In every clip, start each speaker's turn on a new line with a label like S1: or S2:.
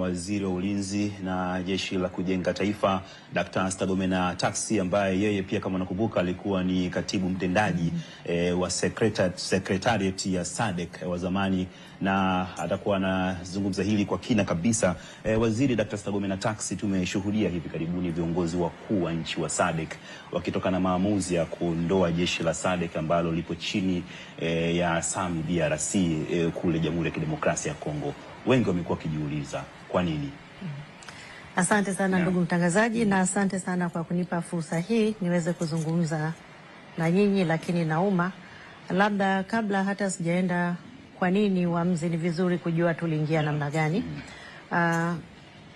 S1: Waziri wa Ulinzi na Jeshi la Kujenga Taifa Dkt. Stergomena Tax ambaye yeye pia kama unakumbuka alikuwa ni katibu mtendaji mm -hmm. e, wa secretariat, ya SADC wa zamani na atakuwa anazungumza hili kwa kina kabisa. E, Waziri Dkt. Stergomena Tax, tumeshuhudia hivi karibuni viongozi wakuu wa nchi wa SADC wakitoka na maamuzi ya kuondoa jeshi la SADC ambalo lipo chini e, ya SAMI DRC e, eh, kule Jamhuri ya Kidemokrasia ya Kongo. Wengi wamekuwa wakijiuliza kwa nini?
S2: Asante sana yeah, ndugu mtangazaji, na asante sana kwa kunipa fursa hii niweze kuzungumza na nyinyi, lakini na umma. Labda kabla hata sijaenda kwa nini uamuzi, ni vizuri kujua tuliingia namna gani. Uh,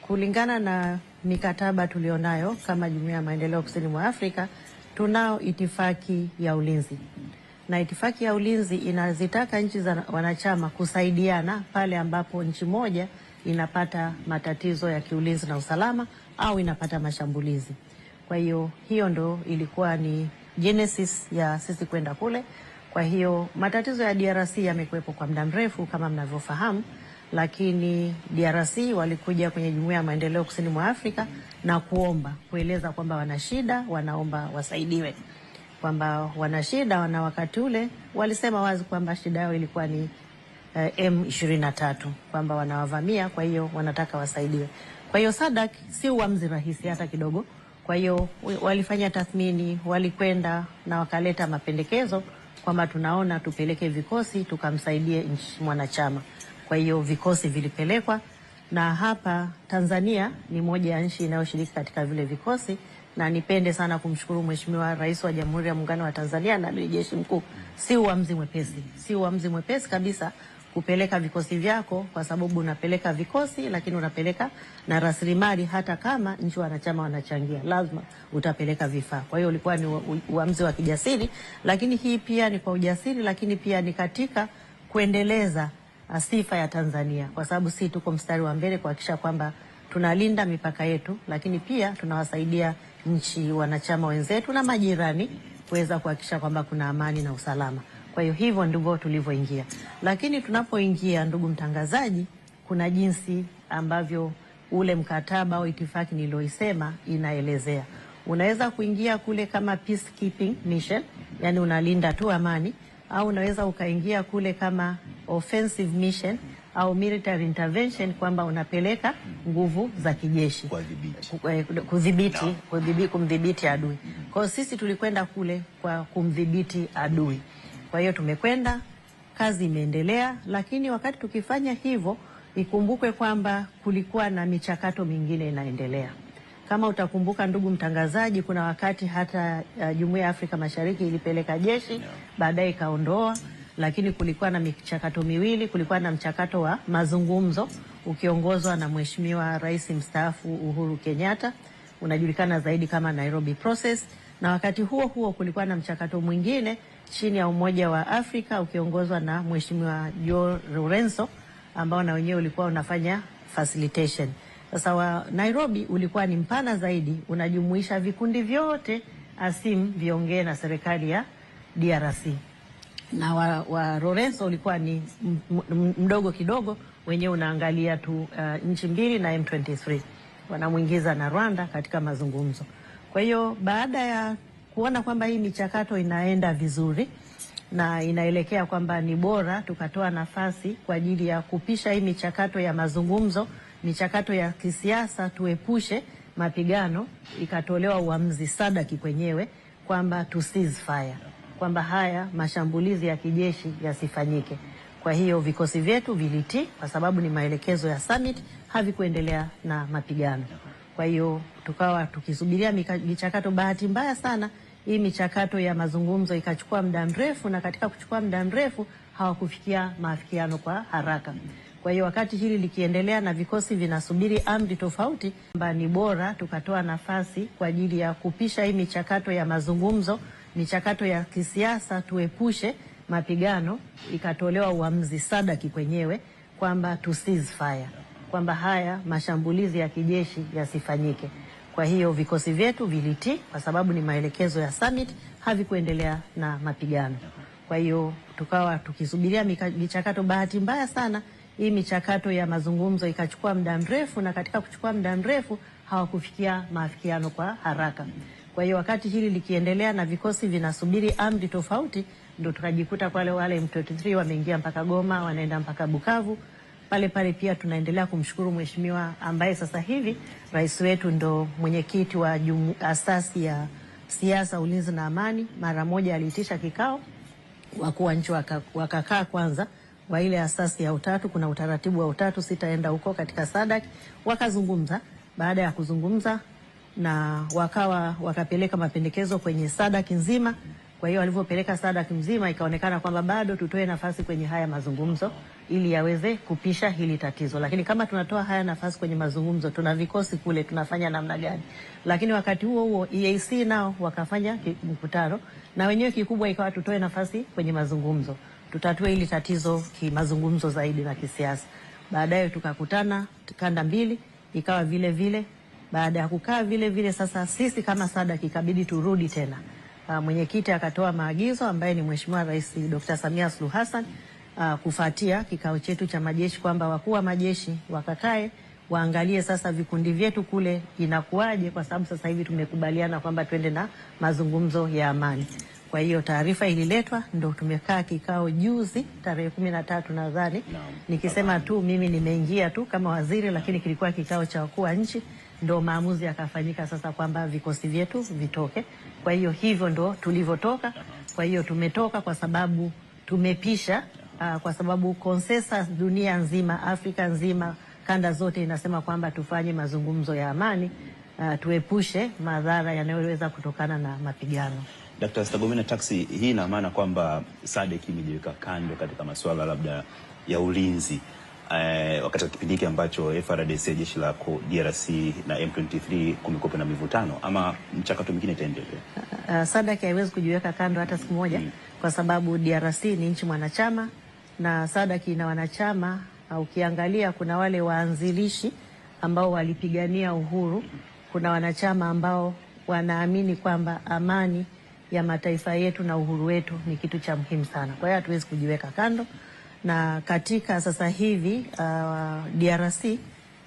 S2: kulingana na mikataba tulionayo kama Jumuiya ya Maendeleo Kusini mwa Afrika, tunao itifaki ya ulinzi, na itifaki ya ulinzi inazitaka nchi za wanachama kusaidiana pale ambapo nchi moja inapata matatizo ya kiulinzi na usalama au inapata mashambulizi. Kwa hiyo hiyo ndo ilikuwa ni genesis ya sisi kwenda kule. Kwa hiyo matatizo ya DRC yamekuwepo kwa muda mrefu kama mnavyofahamu, lakini DRC walikuja kwenye jumuiya ya maendeleo kusini mwa Afrika na kuomba kueleza kwamba wana shida, wanaomba wasaidiwe, kwamba wana shida, na wakati ule walisema wazi kwamba shida yao ilikuwa ni uh, M23 kwamba wanawavamia, kwa hiyo wanataka wasaidiwe. Kwa hiyo Sadak si uamuzi rahisi hata kidogo. Kwa hiyo walifanya tathmini, walikwenda na wakaleta mapendekezo kwamba tunaona tupeleke vikosi tukamsaidie nchi mwanachama. Kwa hiyo vikosi vilipelekwa, na hapa Tanzania ni moja ya nchi inayoshiriki katika vile vikosi, na nipende sana kumshukuru Mheshimiwa Rais wa Jamhuri ya Muungano wa Tanzania na Amiri Jeshi Mkuu. Si uamuzi mwepesi, si uamuzi mwepesi kabisa kupeleka vikosi vyako, kwa sababu unapeleka vikosi, lakini unapeleka na rasilimali. Hata kama nchi wanachama wanachangia, lazima utapeleka vifaa. Kwa hiyo ulikuwa ni uamuzi wa kijasiri, lakini hii pia ni kwa ujasiri, lakini pia ni katika kuendeleza uh, sifa ya Tanzania, kwa sababu si tuko mstari wa mbele kuhakikisha kwamba tunalinda mipaka yetu, lakini pia tunawasaidia nchi wanachama wenzetu na majirani kuweza kuhakikisha kwamba kuna amani na usalama. Kwa hiyo hivyo ndivyo tulivyoingia, lakini tunapoingia, ndugu mtangazaji, kuna jinsi ambavyo ule mkataba au itifaki niliyoisema inaelezea. Unaweza kuingia kule kama peacekeeping mission, yani unalinda tu amani, au unaweza ukaingia kule kama offensive mission au military intervention, kwamba unapeleka nguvu za kijeshi kudhibiti eh, kudhibiti kumdhibiti adui. Kwa hiyo sisi tulikwenda kule kwa kumdhibiti adui. Kwa hiyo tumekwenda, kazi imeendelea, lakini wakati tukifanya hivyo ikumbukwe kwamba kulikuwa na michakato mingine inaendelea. Kama utakumbuka ndugu mtangazaji, kuna wakati hata uh, Jumuiya ya Afrika Mashariki ilipeleka jeshi yeah, baadaye ikaondoa, lakini kulikuwa na michakato miwili. Kulikuwa na mchakato wa mazungumzo ukiongozwa na Mheshimiwa Rais mstaafu Uhuru Kenyatta, unajulikana zaidi kama Nairobi Process, na wakati huo huo kulikuwa na mchakato mwingine chini ya Umoja wa Afrika ukiongozwa na Mheshimiwa Joe Lorenzo ambao na wenyewe ulikuwa unafanya facilitation. Sasa wa Nairobi ulikuwa ni mpana zaidi, unajumuisha vikundi vyote asim viongee na serikali ya DRC na wa, wa Lorenzo ulikuwa ni mdogo kidogo, wenyewe unaangalia tu uh, nchi mbili na M23 wanamwingiza na Rwanda katika mazungumzo. Kwa hiyo baada ya kuona kwamba hii michakato inaenda vizuri na inaelekea kwamba ni bora tukatoa nafasi kwa ajili ya kupisha hii michakato ya mazungumzo, michakato ya kisiasa, tuepushe mapigano, ikatolewa uamuzi sadaki kwenyewe kwamba to cease fire, kwamba haya mashambulizi ya kijeshi yasifanyike. Kwa hiyo vikosi vyetu vilitii, kwa sababu ni maelekezo ya summit, havikuendelea na mapigano. Kwa hiyo tukawa tukisubiria michakato. Bahati mbaya sana hii michakato ya mazungumzo ikachukua muda mrefu, na katika kuchukua muda mrefu hawakufikia maafikiano kwa haraka. Kwa hiyo wakati hili likiendelea na vikosi vinasubiri amri tofauti, kwamba ni bora tukatoa nafasi kwa ajili ya kupisha hii michakato ya mazungumzo, michakato ya kisiasa, tuepushe mapigano. Ikatolewa uamuzi sadaki kwenyewe kwamba to cease fire, kwamba haya mashambulizi ya kijeshi yasifanyike. Kwa hiyo vikosi vyetu vilitii, kwa sababu ni maelekezo ya summit, havikuendelea na mapigano. Kwa hiyo tukawa tukisubiria michakato. Bahati mbaya sana, hii michakato ya mazungumzo ikachukua muda mrefu, na katika kuchukua muda mrefu hawakufikia maafikiano kwa haraka. Kwa hiyo wakati hili likiendelea na vikosi vinasubiri amri tofauti, ndo tukajikuta kwale wale M23 wameingia mpaka Goma, wanaenda mpaka Bukavu. Pale pale pia tunaendelea kumshukuru mheshimiwa ambaye sasa hivi rais wetu ndo mwenyekiti wa asasi ya siasa, ulinzi na amani. Mara moja aliitisha kikao, wakuu wa nchi wakakaa kwanza wa ile asasi ya utatu. Kuna utaratibu wa utatu, sitaenda huko katika Sadak. Wakazungumza, baada ya kuzungumza na wakawa wakapeleka mapendekezo kwenye Sadak nzima. Kwa hiyo walivyopeleka SADC mzima, ikaonekana kwamba bado tutoe nafasi kwenye haya mazungumzo ili yaweze kupisha hili tatizo, lakini kama tunatoa haya nafasi kwenye mazungumzo, tuna vikosi kule, tunafanya namna gani? Lakini wakati huo huo EAC nao wakafanya mkutano na wenyewe, kikubwa ikawa tutoe nafasi kwenye mazungumzo, tutatue hili tatizo kimazungumzo zaidi na kisiasa. Baadaye tukakutana kanda mbili, ikawa vile vile. Baada ya kukaa vile vile, sasa sisi kama SADC ikabidi turudi tena uh, mwenyekiti akatoa maagizo ambaye ni Mheshimiwa Rais Dr. Samia Suluhu Hassan uh, kufuatia kikao chetu cha majeshi kwamba wakuu wa majeshi wakakae waangalie sasa vikundi vyetu kule inakuwaje, kwa sababu sasa hivi tumekubaliana kwamba twende na mazungumzo ya amani. Kwa hiyo taarifa ililetwa, ndo tumekaa kikao juzi tarehe kumi na tatu nadhani. Nikisema tu mimi nimeingia tu kama waziri, lakini kilikuwa kikao cha wakuu wa nchi ndo maamuzi yakafanyika sasa kwamba vikosi vyetu vitoke. Kwa hiyo hivyo ndo tulivyotoka. Kwa hiyo tumetoka kwa sababu tumepisha uh, kwa sababu consensus dunia nzima, Afrika nzima, kanda zote inasema kwamba tufanye mazungumzo ya amani uh, tuepushe madhara yanayoweza kutokana na mapigano.
S1: Dkt. Stergomena Tax, hii ina maana kwamba SADC imejiweka kando katika masuala labda ya ulinzi eh, wakati wa kipindi hiki ambacho FRDC jeshi la DRC na M23 kumekuwa na mivutano ama mchakato mwingine itaendelea?
S2: Uh, SADC haiwezi kujiweka kando hata siku moja mm, kwa sababu DRC ni nchi mwanachama na SADC ina wanachama. Ukiangalia kuna wale waanzilishi ambao walipigania uhuru, kuna wanachama ambao wanaamini kwamba amani ya mataifa yetu na uhuru wetu ni kitu cha muhimu sana. Kwa hiyo hatuwezi kujiweka kando na katika sasa hivi uh, DRC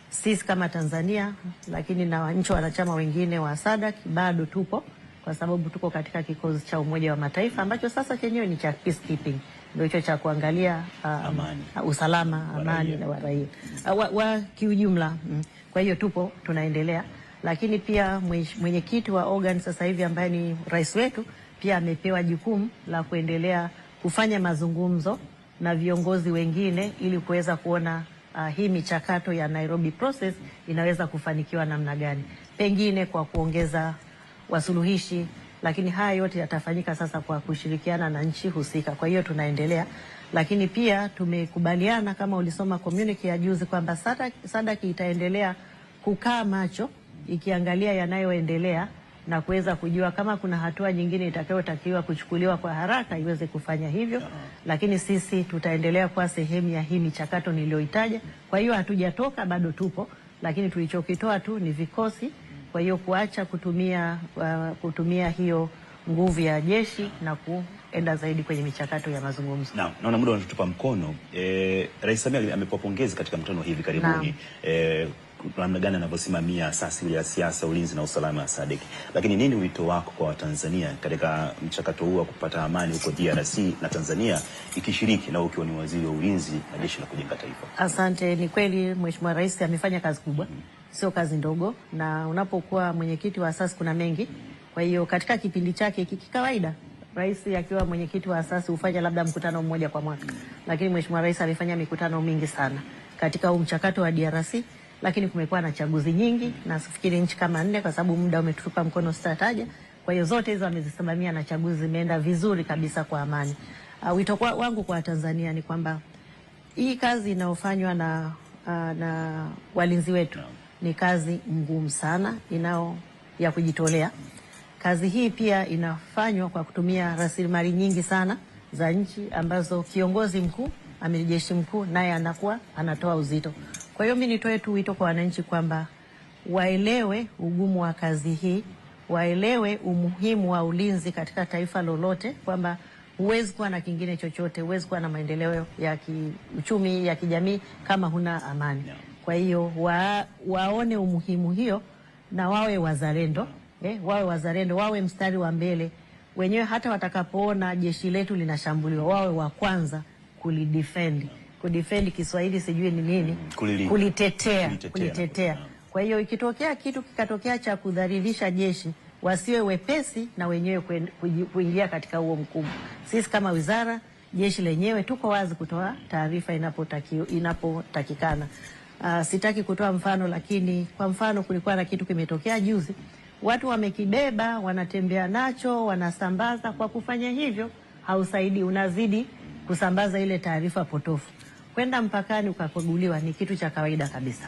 S2: sisi kama Tanzania lakini na nchi wanachama wengine wa SADC bado tupo, kwa sababu tuko katika kikosi cha Umoja wa Mataifa ambacho sasa chenyewe ni cha peacekeeping, ndio hicho cha kuangalia um, amani, usalama, amani na waraia uh, wa, wa kiujumla. Mm. Kwa hiyo tupo tunaendelea, lakini pia mwenyekiti wa organ sasa hivi ambaye ni rais wetu pia amepewa jukumu la kuendelea kufanya mazungumzo na viongozi wengine ili kuweza kuona uh, hii michakato ya Nairobi process inaweza kufanikiwa namna gani, pengine kwa kuongeza wasuluhishi, lakini haya yote yatafanyika sasa kwa kushirikiana na nchi husika. Kwa hiyo tunaendelea, lakini pia tumekubaliana kama ulisoma communique ya juzi kwamba SADC, itaendelea kukaa macho ikiangalia yanayoendelea na kuweza kujua kama kuna hatua nyingine itakayotakiwa kuchukuliwa kwa haraka iweze kufanya hivyo, lakini sisi tutaendelea kuwa sehemu ya hii michakato niliyoitaja. Kwa hiyo hatujatoka, bado tupo, lakini tulichokitoa tu ni vikosi. Kwa hiyo kuacha kutumia, uh, kutumia hiyo nguvu ya jeshi na kuenda zaidi kwenye michakato ya mazungumzo.
S1: Naam, naona muda unatupa mkono. Eh, Rais Samia amepokea pongezi katika mkutano hivi karibuni. Eh, namna gani anavyosimamia asasi ya siasa, ulinzi na usalama wa SADC. Lakini nini wito wako kwa Watanzania katika mchakato huu wa kupata amani huko DRC na Tanzania ikishiriki na ukiwa ni waziri wa ulinzi na jeshi la kujenga taifa?
S2: Asante. Ni kweli Mheshimiwa Rais amefanya kazi kubwa mm Sio kazi ndogo, na unapokuwa mwenyekiti wa asasi kuna mengi. Kwa hiyo katika kipindi chake kikawaida Rais akiwa mwenyekiti wa asasi hufanya labda mkutano mmoja kwa mwaka, mm-hmm. lakini Mheshimiwa Rais amefanya mikutano mingi sana katika huu mchakato wa DRC lakini kumekuwa na chaguzi nyingi na sifikiri nchi kama nne, kwa sababu muda umetupa mkono, sitataja. Kwa hiyo zote hizo amezisimamia na chaguzi zimeenda vizuri kabisa kwa amani. Uh, wito kwa, wangu kwa Tanzania ni kwamba hii kazi inayofanywa na, uh, na walinzi wetu ni kazi ngumu sana inao ya kujitolea. Kazi hii pia inafanywa kwa kutumia rasilimali nyingi sana za nchi ambazo kiongozi mkuu, amiri jeshi mkuu, naye anakuwa anatoa uzito. Kwa hiyo mi nitoe tu wito kwa wananchi kwamba waelewe ugumu wa kazi hii, waelewe umuhimu wa ulinzi katika taifa lolote, kwamba huwezi kuwa na kingine chochote, huwezi kuwa na maendeleo ya kiuchumi, ya kijamii kama huna amani. Kwa hiyo wa, waone umuhimu hiyo na wawe wazalendo eh, wawe wazalendo, wawe mstari wa mbele wenyewe, hata watakapoona jeshi letu linashambuliwa wawe wa kwanza kulidefend kudefend Kiswahili sijui ni nini, mm,
S1: kulitetea, kulitetea,
S2: kulitetea. Kwa hiyo ikitokea kitu kikatokea cha kudhalilisha jeshi wasiwe wepesi na wenyewe kuingia katika huo mkubwa. Sisi kama wizara, jeshi lenyewe tuko wazi kutoa taarifa inapotakikana. Uh, sitaki kutoa mfano, lakini kwa mfano kulikuwa na kitu kimetokea juzi, watu wamekibeba, wanatembea nacho, wanasambaza. Kwa kufanya hivyo hausaidi unazidi kusambaza ile taarifa potofu kwenda mpakani ukakaguliwa ni kitu cha kawaida kabisa.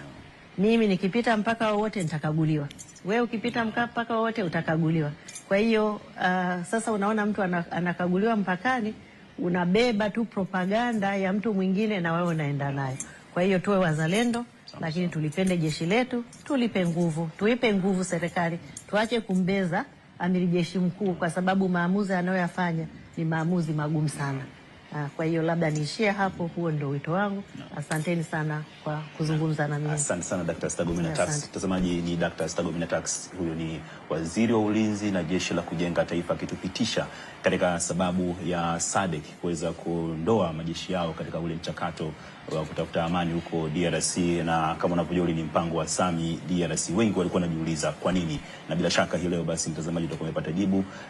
S2: Mimi nikipita mpaka wowote nitakaguliwa, wewe ukipita mpaka wowote utakaguliwa. Kwa hiyo uh, sasa unaona mtu anakaguliwa mpakani, unabeba tu propaganda ya mtu mwingine na wewe unaenda nayo. Kwa hiyo tuwe wazalendo lakini tulipende jeshi letu, tulipe nguvu, tuipe nguvu serikali, tuache kumbeza amiri jeshi mkuu, kwa sababu maamuzi anayoyafanya ni maamuzi magumu sana. Ah, kwa hiyo labda niishie hapo, huo ndio wito wangu. Asanteni sana kwa kuzungumza na mimi. Asante
S1: sana Dr. Stergomena Tax. Mtazamaji, ni Dr. Stergomena Tax, huyo ni waziri wa ulinzi na jeshi la kujenga taifa, akitupitisha katika sababu ya SADC kuweza kuondoa majeshi yao katika ule mchakato wa kutafuta amani huko DRC, na kama unavyojua ni mpango wa SAMI DRC. Wengi walikuwa wanajiuliza kwa nini, na bila shaka hii leo basi, mtazamaji, utakuwa umepata jibu